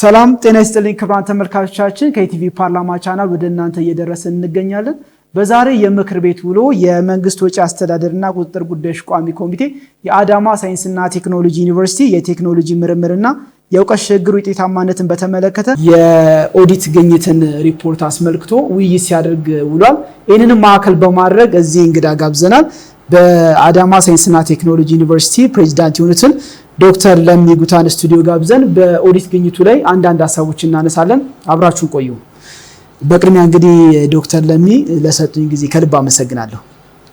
ሰላም ጤና ይስጥልኝ ክብራን ተመልካቾቻችን፣ ከኢቲቪ ፓርላማ ቻናል ወደ እናንተ እየደረስን እንገኛለን። በዛሬ የምክር ቤት ውሎ የመንግስት ወጪ አስተዳደርና ቁጥጥር ጉዳዮች ቋሚ ኮሚቴ የአዳማ ሳይንስና ቴክኖሎጂ ዩኒቨርሲቲ የቴክኖሎጂ ምርምርና የእውቀት ሽግግር ውጤታማነትን በተመለከተ የኦዲት ግኝትን ሪፖርት አስመልክቶ ውይይት ሲያደርግ ውሏል። ይህንንም ማዕከል በማድረግ እዚህ እንግዳ ጋብዘናል። በአዳማ ሳይንስና ቴክኖሎጂ ዩኒቨርሲቲ ፕሬዚዳንት የሆኑትን ዶክተር ለሚ ጉታን ስቱዲዮ ጋብዘን በኦዲት ግኝቱ ላይ አንዳንድ ሀሳቦች እናነሳለን። አብራችሁን ቆዩ። በቅድሚያ እንግዲህ ዶክተር ለሚ ለሰጡኝ ጊዜ ከልብ አመሰግናለሁ።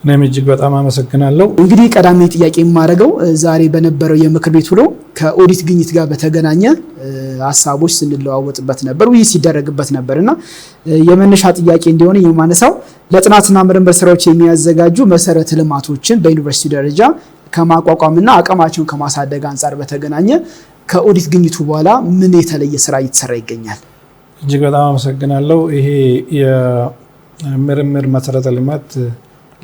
እኔም እጅግ በጣም አመሰግናለሁ። እንግዲህ ቀዳሚ ጥያቄ የማደርገው ዛሬ በነበረው የምክር ቤት ውሎ ከኦዲት ግኝት ጋር በተገናኘ ሀሳቦች ስንለዋወጥበት ነበር፣ ውይይት ሲደረግበት ነበር እና የመነሻ ጥያቄ እንዲሆነ የማነሳው ለጥናትና ምርምር ስራዎች የሚያዘጋጁ መሰረተ ልማቶችን በዩኒቨርሲቲ ደረጃ ከማቋቋምና አቅማቸውን ከማሳደግ አንጻር በተገናኘ ከኦዲት ግኝቱ በኋላ ምን የተለየ ስራ እየተሰራ ይገኛል? እጅግ በጣም አመሰግናለሁ። ይሄ የምርምር መሰረተ ልማት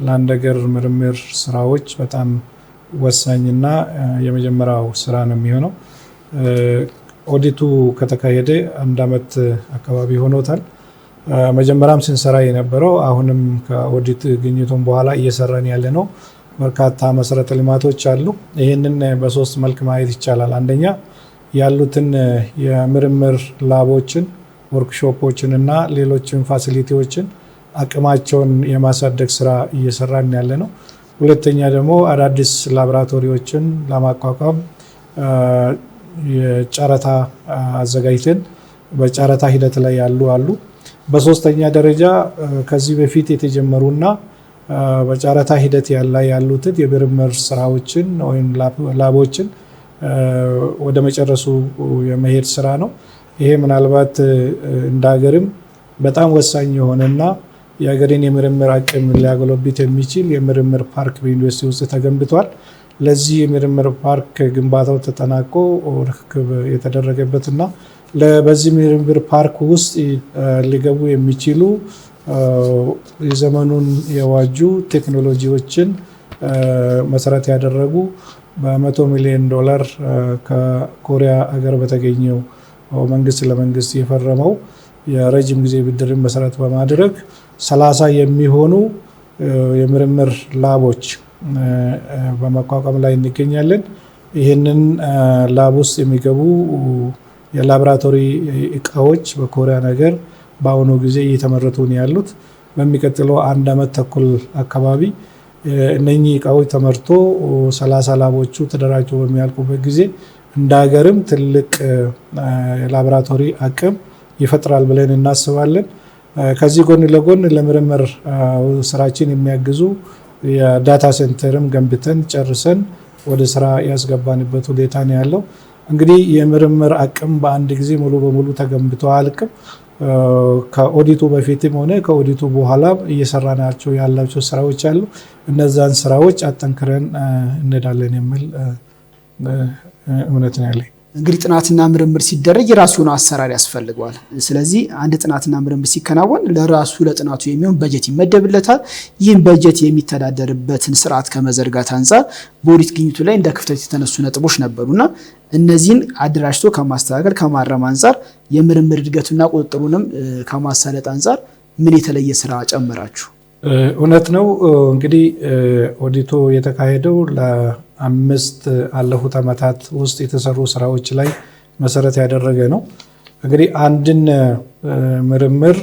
ለአንድ ሀገር ምርምር ስራዎች በጣም ወሳኝና የመጀመሪያው ስራ ነው የሚሆነው። ኦዲቱ ከተካሄደ አንድ አመት አካባቢ ሆኖታል። መጀመሪያም ስንሰራ የነበረው አሁንም ከኦዲት ግኝቱን በኋላ እየሰራን ያለ ነው በርካታ መሰረተ ልማቶች አሉ። ይህንን በሶስት መልክ ማየት ይቻላል። አንደኛ ያሉትን የምርምር ላቦችን፣ ወርክሾፖችን እና ሌሎችን ፋሲሊቲዎችን አቅማቸውን የማሳደግ ስራ እየሰራን ያለ ነው። ሁለተኛ ደግሞ አዳዲስ ላቦራቶሪዎችን ለማቋቋም የጨረታ አዘጋጅተን በጨረታ ሂደት ላይ ያሉ አሉ። በሶስተኛ ደረጃ ከዚህ በፊት የተጀመሩና በጨረታ ሂደት ያላ ያሉትን የምርምር ስራዎችን ወይም ላቦችን ወደ መጨረሱ የመሄድ ስራ ነው። ይሄ ምናልባት እንደ ሀገርም በጣም ወሳኝ የሆነና የሀገሬን የምርምር አቅም ሊያጎለብት የሚችል የምርምር ፓርክ በዩኒቨርሲቲ ውስጥ ተገንብቷል። ለዚህ የምርምር ፓርክ ግንባታው ተጠናቆ ርክክብ የተደረገበትና በዚህ ምርምር ፓርክ ውስጥ ሊገቡ የሚችሉ የዘመኑን የዋጁ ቴክኖሎጂዎችን መሰረት ያደረጉ በመቶ ሚሊዮን ዶላር ከኮሪያ ሀገር በተገኘው መንግስት ለመንግስት የፈረመው የረጅም ጊዜ ብድርን መሰረት በማድረግ ሰላሳ የሚሆኑ የምርምር ላቦች በማቋቋም ላይ እንገኛለን። ይህንን ላብ ውስጥ የሚገቡ የላብራቶሪ እቃዎች በኮሪያ ነገር በአሁኑ ጊዜ እየተመረቱ ነው ያሉት። በሚቀጥለው አንድ ዓመት ተኩል አካባቢ እነኚህ እቃዎች ተመርቶ ሰላሳ ላቦቹ ተደራጅቶ በሚያልቁበት ጊዜ እንደ ሀገርም ትልቅ ላቦራቶሪ አቅም ይፈጥራል ብለን እናስባለን። ከዚህ ጎን ለጎን ለምርምር ስራችን የሚያግዙ የዳታ ሴንተርም ገንብተን ጨርሰን ወደ ስራ ያስገባንበት ሁኔታ ነው ያለው። እንግዲህ የምርምር አቅም በአንድ ጊዜ ሙሉ በሙሉ ተገንብቶ አልቅም። ከኦዲቱ በፊትም ሆነ ከኦዲቱ በኋላ ናቸው ያላቸው ስራዎች አሉ። እነዛን ስራዎች አጠንክረን እንሄዳለን የሚል እምነት ነው ያለኝ። እንግዲህ ጥናትና ምርምር ሲደረግ የራሱ የሆነ አሰራር ያስፈልገዋል። ስለዚህ አንድ ጥናትና ምርምር ሲከናወን ለራሱ ለጥናቱ የሚሆን በጀት ይመደብለታል። ይህም በጀት የሚተዳደርበትን ስርዓት ከመዘርጋት አንጻር በኦዲት ግኝቱ ላይ እንደ ክፍተት የተነሱ ነጥቦች ነበሩና እነዚህን አደራጅቶ ከማስተካከል ከማረም አንጻር የምርምር እድገቱና ቁጥጥሩንም ከማሳለጥ አንጻር ምን የተለየ ስራ ጨመራችሁ? እውነት ነው እንግዲህ ኦዲቶ የተካሄደው ለአምስት አለፉት ዓመታት ውስጥ የተሰሩ ስራዎች ላይ መሰረት ያደረገ ነው። እንግዲህ አንድን ምርምር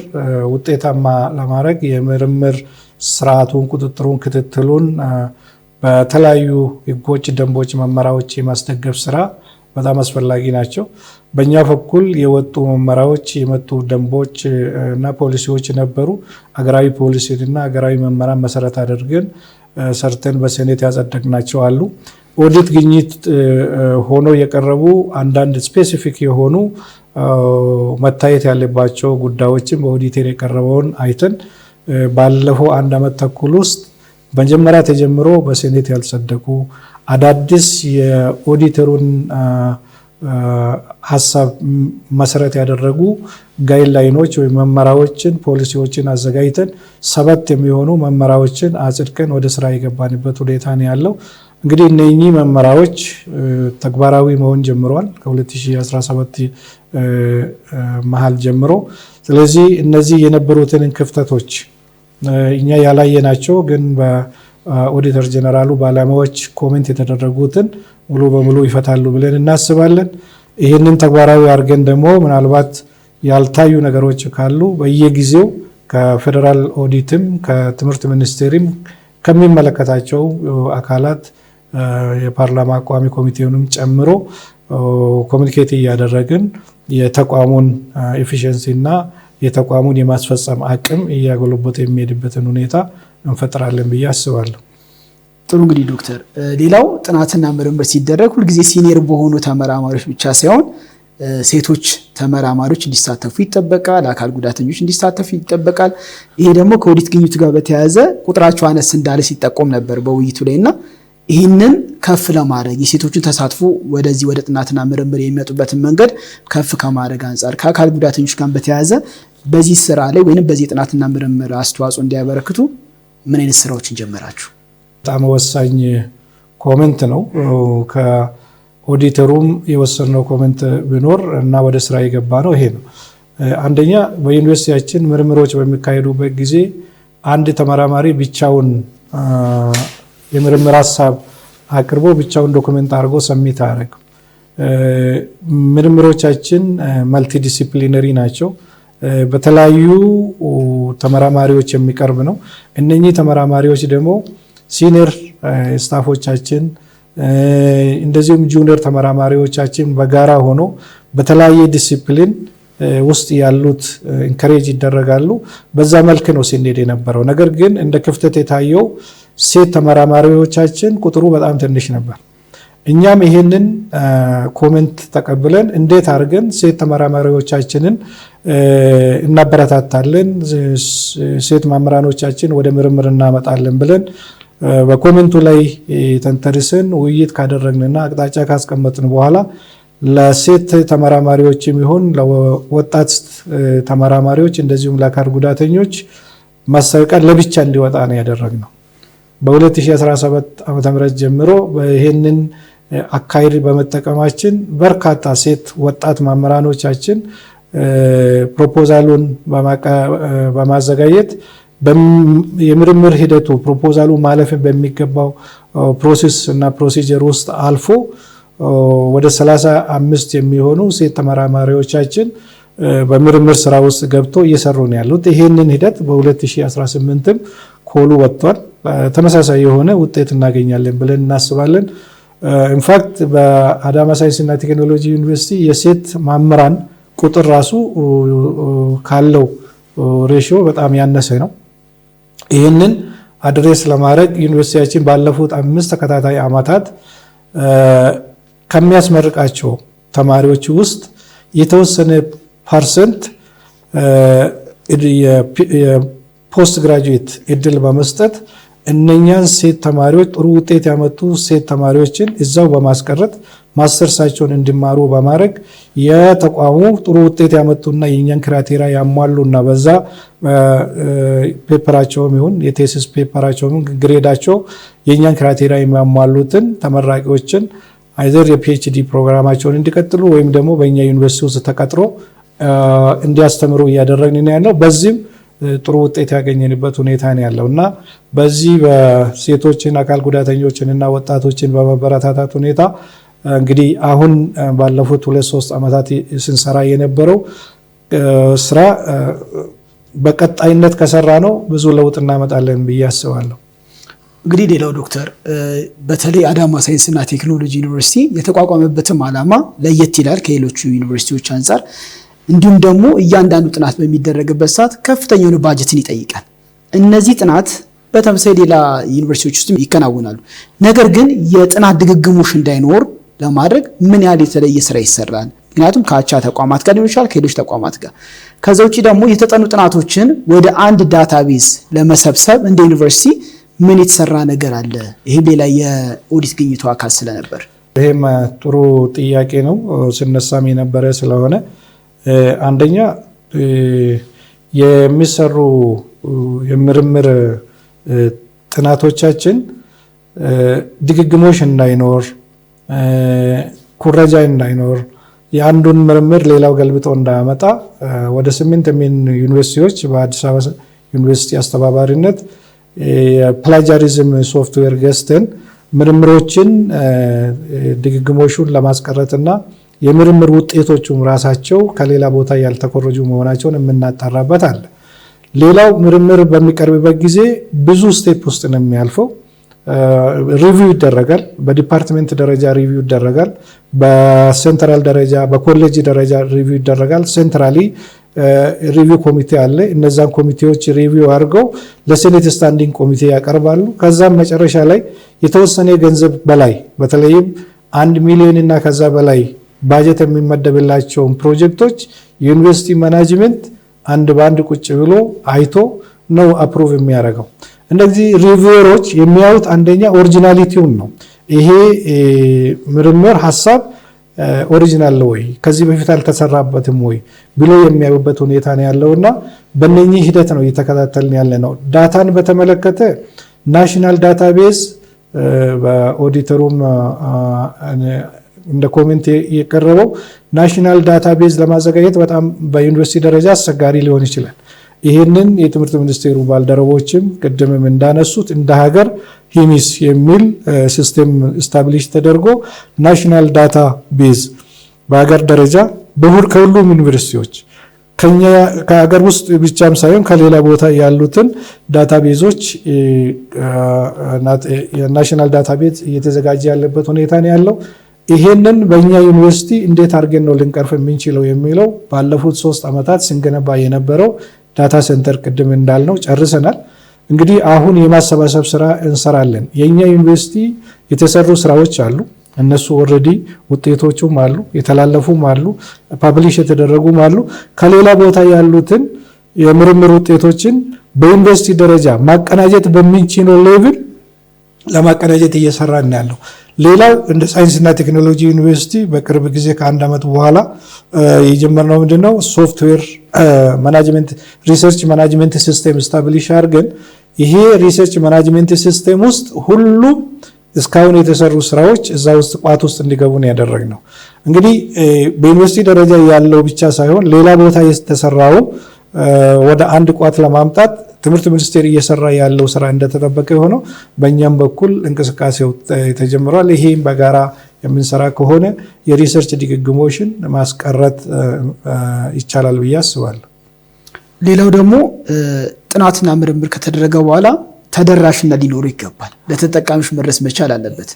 ውጤታማ ለማድረግ የምርምር ስርዓቱን፣ ቁጥጥሩን፣ ክትትሉን በተለያዩ ህጎች፣ ደንቦች፣ መመሪያዎች የማስደገፍ ስራ በጣም አስፈላጊ ናቸው። በእኛ በኩል የወጡ መመሪያዎች፣ የመጡ ደንቦች እና ፖሊሲዎች ነበሩ። አገራዊ ፖሊሲን እና አገራዊ መመሪያን መሰረት አድርገን ሰርተን በሴኔት ያጸደቅናቸው አሉ። ኦዲት ግኝት ሆኖ የቀረቡ አንዳንድ ስፔሲፊክ የሆኑ መታየት ያለባቸው ጉዳዮችን በኦዲቴን የቀረበውን አይተን ባለፈው አንድ ዓመት ተኩል ውስጥ መጀመሪያ ተጀምሮ በሴኔት ያልጸደቁ አዳዲስ የኦዲተሩን ሀሳብ መሰረት ያደረጉ ጋይድላይኖች ወይም መመራዎችን፣ ፖሊሲዎችን አዘጋጅተን ሰባት የሚሆኑ መመራዎችን አጽድቀን ወደ ስራ የገባንበት ሁኔታ ነው ያለው። እንግዲህ እነኚህ መመራዎች ተግባራዊ መሆን ጀምረዋል ከ2017 መሀል ጀምሮ። ስለዚህ እነዚህ የነበሩትን ክፍተቶች እኛ ያላየናቸው ግን ኦዲተር ጀነራሉ ባለሙያዎች ኮሜንት የተደረጉትን ሙሉ በሙሉ ይፈታሉ ብለን እናስባለን። ይህንን ተግባራዊ አድርገን ደግሞ ምናልባት ያልታዩ ነገሮች ካሉ በየጊዜው ከፌዴራል ኦዲትም ከትምህርት ሚኒስቴርም ከሚመለከታቸው አካላት የፓርላማ አቋሚ ኮሚቴውንም ጨምሮ ኮሚኒኬት እያደረግን የተቋሙን ኤፊሽንሲ እና የተቋሙን የማስፈጸም አቅም እያጎለበተ የሚሄድበትን ሁኔታ እንፈጥራለን ብዬ አስባለሁ። ጥሩ እንግዲህ ዶክተር፣ ሌላው ጥናትና ምርምር ሲደረግ ሁልጊዜ ሲኒየር በሆኑ ተመራማሪዎች ብቻ ሳይሆን ሴቶች ተመራማሪዎች እንዲሳተፉ ይጠበቃል። አካል ጉዳተኞች እንዲሳተፉ ይጠበቃል። ይሄ ደግሞ ከኦዲት ግኝቱ ጋር በተያያዘ ቁጥራቸው አነስ እንዳለ ሲጠቆም ነበር በውይይቱ ላይ እና ይህንን ከፍ ለማድረግ የሴቶችን ተሳትፎ ወደዚህ ወደ ጥናትና ምርምር የሚመጡበትን መንገድ ከፍ ከማድረግ አንጻር ከአካል ጉዳተኞች ጋር በተያያዘ በዚህ ስራ ላይ ወይም በዚህ የጥናትና ምርምር አስተዋጽኦ እንዲያበረክቱ ምን አይነት ስራዎችን ጀመራችሁ? በጣም ወሳኝ ኮሜንት ነው። ከኦዲተሩም የወሰነው ኮሜንት ቢኖር እና ወደ ስራ የገባ ነው ይሄ ነው። አንደኛ በዩኒቨርሲቲያችን ምርምሮች በሚካሄዱበት ጊዜ አንድ ተመራማሪ ብቻውን የምርምር ሀሳብ አቅርቦ ብቻውን ዶክመንት አድርጎ ሰሚት አያደርግም። ምርምሮቻችን መልቲዲሲፕሊነሪ ናቸው። በተለያዩ ተመራማሪዎች የሚቀርብ ነው። እነኚህ ተመራማሪዎች ደግሞ ሲኒየር ስታፎቻችን እንደዚሁም ጁኒየር ተመራማሪዎቻችን በጋራ ሆኖ በተለያየ ዲሲፕሊን ውስጥ ያሉት ኢንከሬጅ ይደረጋሉ። በዛ መልክ ነው ሲኔድ የነበረው። ነገር ግን እንደ ክፍተት የታየው ሴት ተመራማሪዎቻችን ቁጥሩ በጣም ትንሽ ነበር። እኛም ይሄንን ኮሜንት ተቀብለን እንዴት አድርገን ሴት ተመራማሪዎቻችንን እናበረታታለን፣ ሴት መምህራኖቻችን ወደ ምርምር እናመጣለን ብለን በኮሜንቱ ላይ ተንተርሰን ውይይት ካደረግንና አቅጣጫ ካስቀመጥን በኋላ ለሴት ተመራማሪዎች የሚሆን ለወጣት ተመራማሪዎች እንደዚሁም ለአካል ጉዳተኞች መሰቀል ለብቻ እንዲወጣ ነው ያደረግነው። በ2017 ዓ.ም ጀምሮ ይህንን አካሄድ በመጠቀማችን በርካታ ሴት ወጣት መምህራኖቻችን ፕሮፖዛሉን በማዘጋጀት የምርምር ሂደቱ ፕሮፖዛሉ ማለፍ በሚገባው ፕሮሴስ እና ፕሮሲጀር ውስጥ አልፎ ወደ 35 የሚሆኑ ሴት ተመራማሪዎቻችን በምርምር ስራ ውስጥ ገብቶ እየሰሩ ነው ያሉት። ይህንን ሂደት በ2018ም ኮሉ ወጥቷል። ተመሳሳይ የሆነ ውጤት እናገኛለን ብለን እናስባለን። ኢንፋክት uh, በአዳማ ሳይንስና ቴክኖሎጂ ዩኒቨርሲቲ የሴት መምህራን ቁጥር ራሱ uh, uh, ካለው ሬሽዮ በጣም ያነሰ ነው። ይህንን አድሬስ ለማድረግ ዩኒቨርሲቲያችን ባለፉት አምስት ተከታታይ ዓመታት ከሚያስመርቃቸው ተማሪዎች ውስጥ የተወሰነ ፐርሰንት ፖስት ግራጁዌት እድል በመስጠት እነኛን ሴት ተማሪዎች ጥሩ ውጤት ያመጡ ሴት ተማሪዎችን እዛው በማስቀረት ማስተርሳቸውን እንዲማሩ በማድረግ የተቋሙ ጥሩ ውጤት ያመጡና የእኛን ያሟሉ እና በዛ ፔፐራቸውም ይሁን የቴሲስ ፔፐራቸውም ግሬዳቸው የእኛን ክራቴራ የሚያሟሉትን ተመራቂዎችን አይዘር የፒኤችዲ ፕሮግራማቸውን እንዲቀጥሉ ወይም ደግሞ በእኛ ዩኒቨርሲቲ ውስጥ ተቀጥሮ እንዲያስተምሩ እያደረግን ያለው በዚህም ጥሩ ውጤት ያገኘንበት ሁኔታ ነው ያለው እና በዚህ በሴቶችን አካል ጉዳተኞችን እና ወጣቶችን በመበረታታት ሁኔታ እንግዲህ አሁን ባለፉት ሁለት ሶስት ዓመታት ስንሰራ የነበረው ስራ በቀጣይነት ከሰራ ነው ብዙ ለውጥ እናመጣለን ብዬ አስባለሁ። እንግዲህ ሌላው ዶክተር በተለይ አዳማ ሳይንስና ቴክኖሎጂ ዩኒቨርሲቲ የተቋቋመበትም ዓላማ ለየት ይላል ከሌሎቹ ዩኒቨርሲቲዎች አንጻር እንዲሁም ደግሞ እያንዳንዱ ጥናት በሚደረግበት ሰዓት ከፍተኛ የሆነ ባጀትን ይጠይቃል። እነዚህ ጥናት በተመሳሳይ ሌላ ዩኒቨርሲቲዎች ውስጥ ይከናወናሉ። ነገር ግን የጥናት ድግግሞሽ እንዳይኖር ለማድረግ ምን ያህል የተለየ ስራ ይሰራል? ምክንያቱም ከአቻ ተቋማት ጋር ሊሆን ይችላል፣ ከሌሎች ተቋማት ጋር። ከዛ ውጭ ደግሞ የተጠኑ ጥናቶችን ወደ አንድ ዳታቤዝ ለመሰብሰብ እንደ ዩኒቨርሲቲ ምን የተሰራ ነገር አለ? ይህም ሌላ የኦዲት ግኝቱ አካል ስለነበር ይህም ጥሩ ጥያቄ ነው፣ ስነሳም የነበረ ስለሆነ አንደኛ የሚሰሩ የምርምር ጥናቶቻችን ድግግሞሽ እንዳይኖር፣ ኩረጃ እንዳይኖር፣ የአንዱን ምርምር ሌላው ገልብጦ እንዳያመጣ ወደ ስምንት የሚን ዩኒቨርሲቲዎች በአዲስ አበባ ዩኒቨርሲቲ አስተባባሪነት የፕላጃሪዝም ሶፍትዌር ገዝተን ምርምሮችን ድግግሞሹን እና የምርምር ውጤቶቹም ራሳቸው ከሌላ ቦታ ያልተኮረጁ መሆናቸውን የምናጣራበት አለ። ሌላው ምርምር በሚቀርብበት ጊዜ ብዙ ስቴፕ ውስጥ ነው የሚያልፈው። ሪቪው ይደረጋል። በዲፓርትሜንት ደረጃ ሪቪው ይደረጋል። በሴንትራል ደረጃ፣ በኮሌጅ ደረጃ ሪቪው ይደረጋል። ሴንትራሊ ሪቪው ኮሚቴ አለ። እነዛን ኮሚቴዎች ሪቪው አድርገው ለሴኔት ስታንዲንግ ኮሚቴ ያቀርባሉ። ከዛም መጨረሻ ላይ የተወሰነ የገንዘብ በላይ በተለይም አንድ ሚሊዮን እና ከዛ በላይ ባጀት የሚመደብላቸውን ፕሮጀክቶች ዩኒቨርሲቲ ማናጅመንት አንድ በአንድ ቁጭ ብሎ አይቶ ነው አፕሩቭ የሚያደርገው። እነዚህ ሪቪወሮች የሚያዩት አንደኛ ኦሪጂናሊቲውን ነው። ይሄ ምርምር ሀሳብ ኦሪጂናል ወይ ከዚህ በፊት አልተሰራበትም ወይ ብሎ የሚያዩበት ሁኔታ ነው ያለውና በነኚህ ሂደት ነው እየተከታተልን ያለ ነው። ዳታን በተመለከተ ናሽናል ዳታቤዝ በኦዲተሩም እንደ ኮሜንት የቀረበው ናሽናል ዳታቤዝ ለማዘጋጀት በጣም በዩኒቨርሲቲ ደረጃ አስቸጋሪ ሊሆን ይችላል። ይህንን የትምህርት ሚኒስቴሩ ባልደረቦችም ቅድምም እንዳነሱት እንደ ሀገር ሂሚስ የሚል ሲስቴም ስታብሊሽ ተደርጎ ናሽናል ዳታ ቤዝ በሀገር ደረጃ በሁር ከሁሉም ዩኒቨርሲቲዎች ከሀገር ውስጥ ብቻም ሳይሆን ከሌላ ቦታ ያሉትን ዳታ ቤዞች ናሽናል ዳታ ቤዝ እየተዘጋጀ ያለበት ሁኔታ ነው ያለው። ይሄንን በእኛ ዩኒቨርሲቲ እንዴት አድርገን ነው ልንቀርፍ የምንችለው የሚለው ባለፉት ሶስት ዓመታት ስንገነባ የነበረው ዳታ ሴንተር ቅድም እንዳልነው ጨርሰናል። እንግዲህ አሁን የማሰባሰብ ስራ እንሰራለን። የእኛ ዩኒቨርሲቲ የተሰሩ ስራዎች አሉ። እነሱ ኦልሬዲ ውጤቶቹም አሉ፣ የተላለፉም አሉ፣ ፐብሊሽ የተደረጉም አሉ። ከሌላ ቦታ ያሉትን የምርምር ውጤቶችን በዩኒቨርሲቲ ደረጃ ማቀናጀት በሚንችነው ሌቭል ለማቀናጀት እየሰራን ያለው ሌላው እንደ ሳይንስና ቴክኖሎጂ ዩኒቨርሲቲ በቅርብ ጊዜ ከአንድ ዓመት በኋላ የጀመርነው ነው? ሶፍትዌር ማናጅመንት ሪሰርች ማናጅመንት ሲስተም ስታብሊሽ አድርገን ይሄ ሪሰርች ማናጅመንት ሲስተም ውስጥ ሁሉም እስካሁን የተሰሩ ስራዎች እዛ ውስጥ ቋት ውስጥ እንዲገቡ ነው ያደረግነው። እንግዲህ በዩኒቨርሲቲ ደረጃ ያለው ብቻ ሳይሆን ሌላ ቦታ የተሰራውም ወደ አንድ ቋት ለማምጣት ትምህርት ሚኒስቴር እየሰራ ያለው ስራ እንደተጠበቀ የሆነው በእኛም በኩል እንቅስቃሴው ተጀምሯል። ይሄም በጋራ የምንሰራ ከሆነ የሪሰርች ድግግሞሽን ማስቀረት ይቻላል ብዬ አስባለሁ። ሌላው ደግሞ ጥናትና ምርምር ከተደረገ በኋላ ተደራሽነት ሊኖሩ ይገባል። ለተጠቃሚዎች መድረስ መቻል አለበት።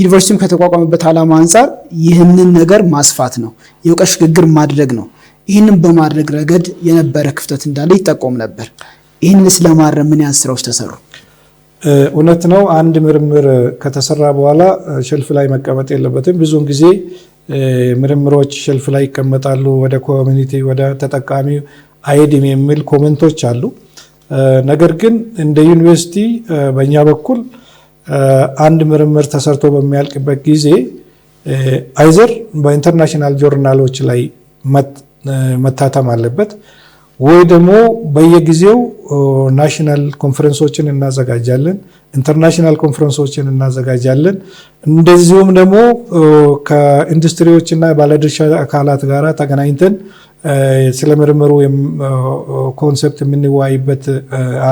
ዩኒቨርሲቲውም ከተቋቋመበት ዓላማ አንጻር ይህንን ነገር ማስፋት ነው፣ የእውቀት ሽግግር ማድረግ ነው። ይህንን በማድረግ ረገድ የነበረ ክፍተት እንዳለ ይጠቆም ነበር። ይህንንስ ለማረም ምን ያን ስራዎች ተሰሩ? እውነት ነው። አንድ ምርምር ከተሰራ በኋላ ሸልፍ ላይ መቀመጥ የለበትም። ብዙውን ጊዜ ምርምሮች ሸልፍ ላይ ይቀመጣሉ። ወደ ኮሚኒቲ ወደ ተጠቃሚ አይሄድም የሚል ኮመንቶች አሉ። ነገር ግን እንደ ዩኒቨርሲቲ በእኛ በኩል አንድ ምርምር ተሰርቶ በሚያልቅበት ጊዜ አይዘር በኢንተርናሽናል ጆርናሎች ላይ መታተም አለበት ወይ ደግሞ በየጊዜው ናሽናል ኮንፈረንሶችን እናዘጋጃለን፣ ኢንተርናሽናል ኮንፈረንሶችን እናዘጋጃለን። እንደዚሁም ደግሞ ከኢንዱስትሪዎችና ባለድርሻ አካላት ጋር ተገናኝተን ስለ ምርምሩ ኮንሰፕት የምንወያይበት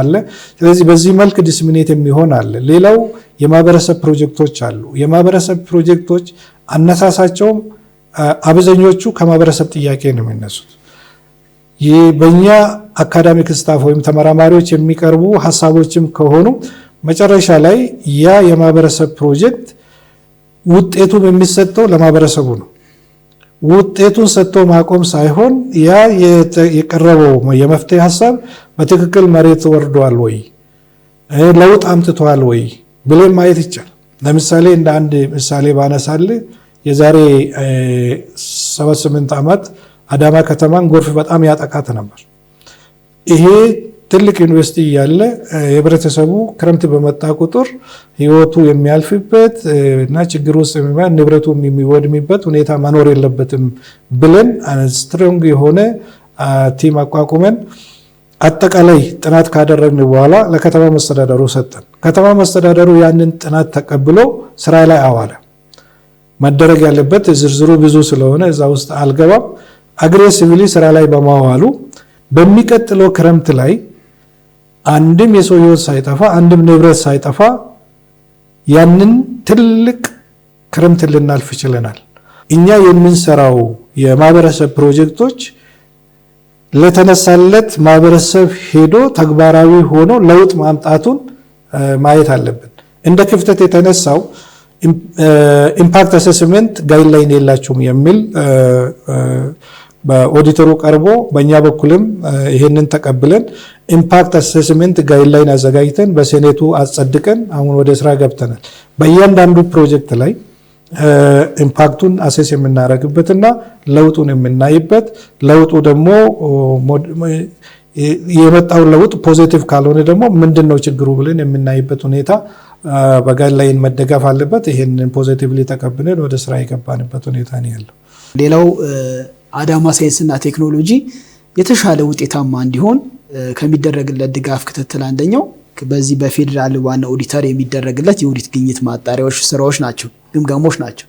አለ። ስለዚህ በዚህ መልክ ዲስሚኔት የሚሆን አለ። ሌላው የማህበረሰብ ፕሮጀክቶች አሉ። የማህበረሰብ ፕሮጀክቶች አነሳሳቸውም አብዛኞቹ ከማህበረሰብ ጥያቄ ነው የሚነሱት። በእኛ አካዳሚክ ስታፍ ወይም ተመራማሪዎች የሚቀርቡ ሀሳቦችም ከሆኑ መጨረሻ ላይ ያ የማህበረሰብ ፕሮጀክት ውጤቱም የሚሰጠው ለማህበረሰቡ ነው። ውጤቱን ሰጥቶ ማቆም ሳይሆን ያ የቀረበው የመፍትሄ ሀሳብ በትክክል መሬት ወርዷል ወይ ለውጥ አምጥቷል ወይ ብሎ ማየት ይቻል። ለምሳሌ እንደ አንድ ምሳሌ ባነሳል የዛሬ 78 ዓመት አዳማ ከተማን ጎርፍ በጣም ያጠቃት ነበር። ይሄ ትልቅ ዩኒቨርሲቲ እያለ የህብረተሰቡ ክረምት በመጣ ቁጥር ህይወቱ የሚያልፍበት እና ችግር ውስጥ ንብረቱ የሚወድሚበት ሁኔታ መኖር የለበትም ብለን ስትሮንግ የሆነ ቲም አቋቁመን አጠቃላይ ጥናት ካደረግን በኋላ ለከተማ መስተዳደሩ ሰጠን። ከተማ መስተዳደሩ ያንን ጥናት ተቀብሎ ስራ ላይ አዋለ። መደረግ ያለበት ዝርዝሩ ብዙ ስለሆነ እዛ ውስጥ አልገባም። አግሬሲቪሊ ስራ ላይ በማዋሉ በሚቀጥለው ክረምት ላይ አንድም የሰው ህይወት ሳይጠፋ አንድም ንብረት ሳይጠፋ ያንን ትልቅ ክረምት ልናልፍ ችለናል። እኛ የምንሰራው የማህበረሰብ ፕሮጀክቶች ለተነሳለት ማህበረሰብ ሄዶ ተግባራዊ ሆኖ ለውጥ ማምጣቱን ማየት አለብን። እንደ ክፍተት የተነሳው ኢምፓክት አሰስመንት ጋይድላይን የላችሁም የሚል በኦዲተሩ ቀርቦ በእኛ በኩልም ይህንን ተቀብለን ኢምፓክት አሰስመንት ጋይድላይን አዘጋጅተን በሴኔቱ አጸድቀን አሁን ወደ ስራ ገብተናል። በእያንዳንዱ ፕሮጀክት ላይ ኢምፓክቱን አሴስ የምናደርግበትና ለውጡን የምናይበት ለውጡ ደግሞ የመጣውን ለውጥ ፖዚቲቭ ካልሆነ ደግሞ ምንድን ነው ችግሩ ብለን የምናይበት ሁኔታ በጋድ ላይን መደገፍ አለበት። ይህንን ፖዘቲቭሊ ተቀብለን ወደ ስራ የገባንበት ሁኔታ ነው ያለው። ሌላው አዳማ ሳይንስና ቴክኖሎጂ የተሻለ ውጤታማ እንዲሆን ከሚደረግለት ድጋፍ ክትትል አንደኛው በዚህ በፌዴራል ዋና ኦዲተር የሚደረግለት የኦዲት ግኝት ማጣሪያዎች ስራዎች ናቸው፣ ግምገሞች ናቸው።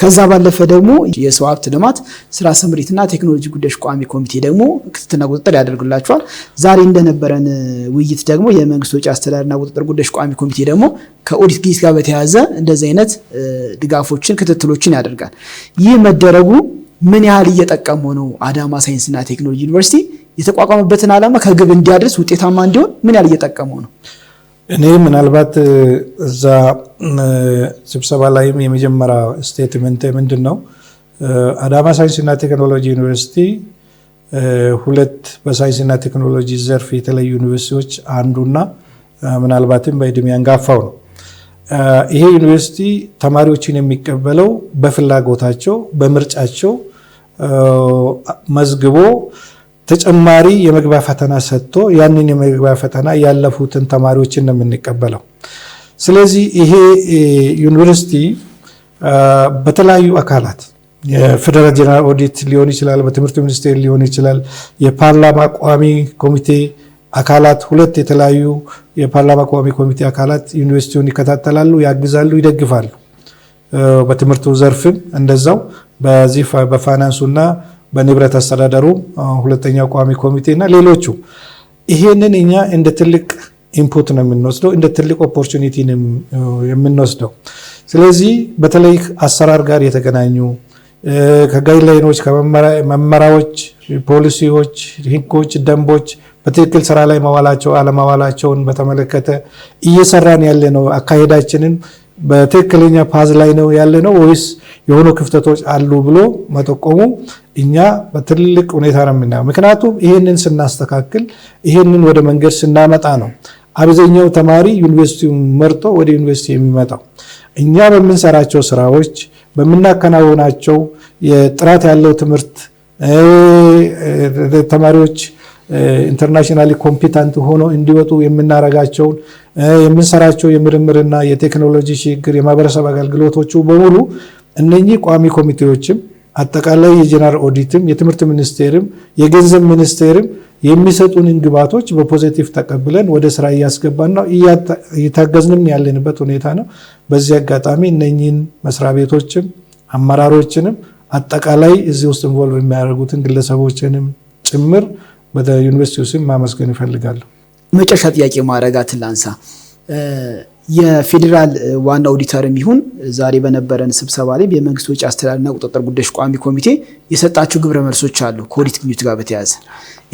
ከዛ ባለፈ ደግሞ የሰው ሀብት ልማት ስራ ስምሪትና ቴክኖሎጂ ጉዳዮች ቋሚ ኮሚቴ ደግሞ ክትትልና ቁጥጥር ያደርግላቸዋል። ዛሬ እንደነበረን ውይይት ደግሞ የመንግስት ወጪ አስተዳደርና ቁጥጥር ጉዳዮች ቋሚ ኮሚቴ ደግሞ ከኦዲት ግኝት ጋር በተያያዘ እንደዚህ አይነት ድጋፎችን ክትትሎችን ያደርጋል። ይህ መደረጉ ምን ያህል እየጠቀመ ነው አዳማ ሳይንስና ቴክኖሎጂ ዩኒቨርሲቲ የተቋቋመበትን ዓላማ ከግብ እንዲያደርስ ውጤታማ እንዲሆን ምን ያህል እየጠቀመው ነው? እኔ ምናልባት እዛ ስብሰባ ላይም የመጀመሪያ ስቴትመንት ምንድን ነው አዳማ ሳይንስና ቴክኖሎጂ ዩኒቨርሲቲ ሁለት በሳይንስና ቴክኖሎጂ ዘርፍ የተለዩ ዩኒቨርሲቲዎች አንዱና ምናልባትም በእድሜ አንጋፋው ነው። ይሄ ዩኒቨርሲቲ ተማሪዎችን የሚቀበለው በፍላጎታቸው በምርጫቸው መዝግቦ ተጨማሪ የመግቢያ ፈተና ሰጥቶ ያንን የመግቢያ ፈተና ያለፉትን ተማሪዎችን ነው የምንቀበለው። ስለዚህ ይሄ ዩኒቨርሲቲ በተለያዩ አካላት የፌደራል ጀነራል ኦዲት ሊሆን ይችላል፣ በትምህርት ሚኒስቴር ሊሆን ይችላል፣ የፓርላማ ቋሚ ኮሚቴ አካላት ሁለት የተለያዩ የፓርላማ ቋሚ ኮሚቴ አካላት ዩኒቨርሲቲውን ይከታተላሉ፣ ያግዛሉ፣ ይደግፋሉ። በትምህርቱ ዘርፍም እንደዛው በዚህ በፋይናንሱና በንብረት አስተዳደሩ ሁለተኛ ቋሚ ኮሚቴ እና ሌሎቹ ይሄንን እኛ እንደ ትልቅ ኢንፑት ነው የምንወስደው፣ እንደ ትልቅ ኦፖርቹኒቲ የምንወስደው። ስለዚህ በተለይ አሰራር ጋር የተገናኙ ከጋይድላይኖች፣ ከመመሪያዎች፣ ፖሊሲዎች፣ ህጎች፣ ደንቦች በትክክል ስራ ላይ መዋላቸው አለመዋላቸውን በተመለከተ እየሰራን ያለ ነው። አካሄዳችንን በትክክለኛ ፓዝ ላይ ነው ያለ ነው ወይስ የሆኑ ክፍተቶች አሉ ብሎ መጠቆሙ እኛ በትልቅ ሁኔታ ነው የምናየው። ምክንያቱም ይህንን ስናስተካክል ይህንን ወደ መንገድ ስናመጣ ነው አብዛኛው ተማሪ ዩኒቨርሲቲውን መርጦ ወደ ዩኒቨርሲቲ የሚመጣው። እኛ በምንሰራቸው ስራዎች፣ በምናከናውናቸው የጥራት ያለው ትምህርት ተማሪዎች ኢንተርናሽናሊ ኮምፒታንት ሆኖ እንዲወጡ የምናረጋቸውን የምንሰራቸው የምርምርና የቴክኖሎጂ ሽግግር የማህበረሰብ አገልግሎቶቹ በሙሉ እነኚህ ቋሚ ኮሚቴዎችም አጠቃላይ የጀነራል ኦዲትም የትምህርት ሚኒስቴርም የገንዘብ ሚኒስቴርም የሚሰጡን ግባቶች በፖዚቲቭ ተቀብለን ወደ ስራ እያስገባን ነው፣ እየታገዝንም ያለንበት ሁኔታ ነው። በዚህ አጋጣሚ እነኚህን መስሪያ ቤቶችም አመራሮችንም አጠቃላይ እዚህ ውስጥ ኢንቮልቭ የሚያደርጉትን ግለሰቦችንም ጭምር በዩኒቨርሲቲው ስም ማመስገን ይፈልጋሉ። መጨረሻ ጥያቄ ማድረጋትን ላንሳ። የፌዴራል ዋና ኦዲተርም ይሁን ዛሬ በነበረን ስብሰባ ላይ የመንግስት ወጪ አስተዳደርና ቁጥጥር ጉዳዮች ቋሚ ኮሚቴ የሰጣቸው ግብረ መልሶች አሉ ከኦዲት ግኝት ጋር በተያያዘ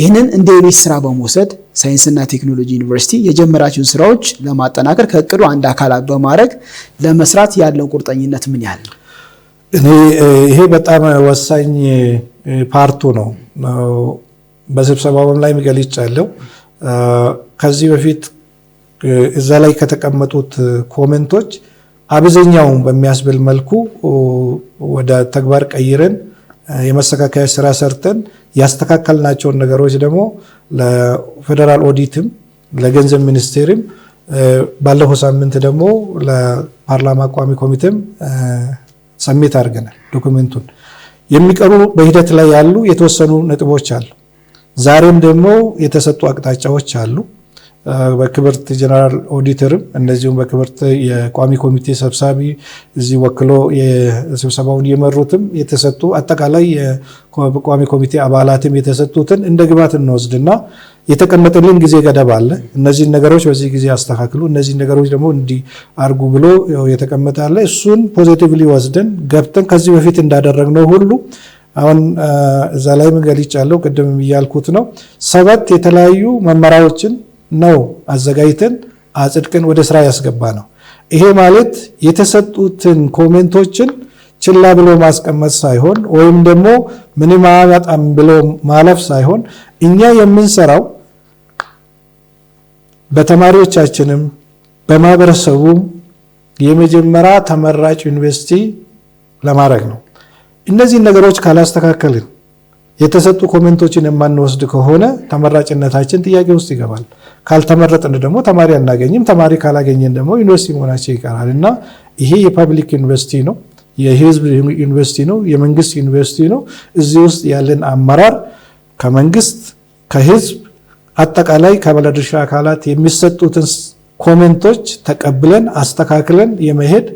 ይህንን እንደ የቤት ስራ በመውሰድ ሳይንስና ቴክኖሎጂ ዩኒቨርሲቲ የጀመራቸውን ስራዎች ለማጠናከር ከእቅዱ አንድ አካል በማድረግ ለመስራት ያለው ቁርጠኝነት ምን ያህል ነው? እኔ ይሄ በጣም ወሳኝ ፓርቱ ነው። በስብሰባውም ላይ ሚገልጫ ከዚህ በፊት እዛ ላይ ከተቀመጡት ኮመንቶች አብዛኛውን በሚያስብል መልኩ ወደ ተግባር ቀይረን የመስተካከያ ስራ ሰርተን ያስተካከልናቸውን ነገሮች ደግሞ ለፌዴራል ኦዲትም ለገንዘብ ሚኒስቴርም ባለፈው ሳምንት ደግሞ ለፓርላማ ቋሚ ኮሚቴም ሰሜት አድርገናል። ዶክመንቱን የሚቀሩ በሂደት ላይ ያሉ የተወሰኑ ነጥቦች አሉ። ዛሬም ደግሞ የተሰጡ አቅጣጫዎች አሉ። በክብርት ጀነራል ኦዲተርም እንደዚሁም በክብርት የቋሚ ኮሚቴ ሰብሳቢ እዚህ ወክሎ የስብሰባውን የመሩትም የተሰጡ አጠቃላይ የቋሚ ኮሚቴ አባላትም የተሰጡትን እንደ ግብዓት እንወስድና የተቀመጠልን ጊዜ ገደብ አለ። እነዚህን ነገሮች በዚህ ጊዜ አስተካክሉ፣ እነዚህን ነገሮች ደግሞ እንዲህ አርጉ ብሎ የተቀመጠ አለ። እሱን ፖዚቲቭሊ ወስደን ገብተን ከዚህ በፊት እንዳደረግነው ሁሉ አሁን እዛ ላይ ምን ገልጫለሁ፣ ቅድም እያልኩት ነው ሰባት የተለያዩ መመሪያዎችን ነው አዘጋጅተን አጽድቅን ወደ ስራ ያስገባ ነው። ይሄ ማለት የተሰጡትን ኮሜንቶችን ችላ ብሎ ማስቀመጥ ሳይሆን ወይም ደግሞ ምንም አያመጣም ብሎ ማለፍ ሳይሆን እኛ የምንሰራው በተማሪዎቻችንም በማህበረሰቡም የመጀመሪያ ተመራጭ ዩኒቨርሲቲ ለማድረግ ነው። እነዚህን ነገሮች ካላስተካከልን የተሰጡ ኮሜንቶችን የማንወስድ ከሆነ ተመራጭነታችን ጥያቄ ውስጥ ይገባል። ካልተመረጥን ደግሞ ተማሪ አናገኝም። ተማሪ ካላገኘን ደግሞ ዩኒቨርሲቲ መሆናቸው ይቀራል እና ይሄ የፐብሊክ ዩኒቨርሲቲ ነው፣ የህዝብ ዩኒቨርሲቲ ነው፣ የመንግስት ዩኒቨርሲቲ ነው። እዚህ ውስጥ ያለን አመራር ከመንግስት ከህዝብ አጠቃላይ ከባለድርሻ አካላት የሚሰጡትን ኮሜንቶች ተቀብለን አስተካክለን የመሄድ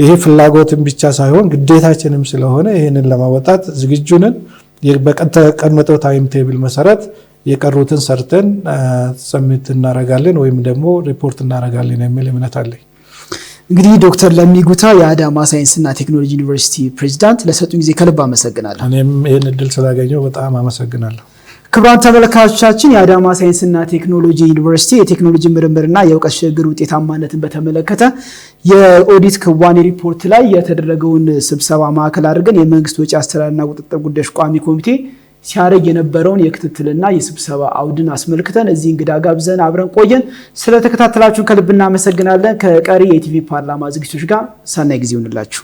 ይሄ ፍላጎትን ብቻ ሳይሆን ግዴታችንም ስለሆነ ይህንን ለማወጣት ዝግጁ ነን። ታይም ቴብል መሰረት የቀሩትን ሰርተን ሰሚት እናረጋለን ወይም ደግሞ ሪፖርት እናረጋለን የሚል እምነት አለኝ። እንግዲህ ዶክተር ለሚጉታ የአዳማ ሳይንስና ቴክኖሎጂ ዩኒቨርሲቲ ፕሬዚዳንት ለሰጡን ጊዜ ከልብ አመሰግናለሁ። እኔም ይህን እድል ስላገኘው በጣም አመሰግናለሁ። ክቡራን ተመልካቾቻችን የአዳማ ሳይንስና ቴክኖሎጂ ዩኒቨርሲቲ የቴክኖሎጂ ምርምርና የእውቀት ሽግግር ውጤታማነትን በተመለከተ የኦዲት ክዋኔ ሪፖርት ላይ የተደረገውን ስብሰባ ማዕከል አድርገን የመንግስት ወጪ አስተዳደርና ቁጥጥር ጉዳዮች ቋሚ ኮሚቴ ሲያደርግ የነበረውን የክትትልና የስብሰባ አውድን አስመልክተን እዚህ እንግዳ ጋብዘን አብረን ቆየን። ስለተከታተላችሁን ከልብ እናመሰግናለን። ከቀሪ የኢቲቪ ፓርላማ ዝግጅቶች ጋር ሰናይ ጊዜ ይሁንላችሁ።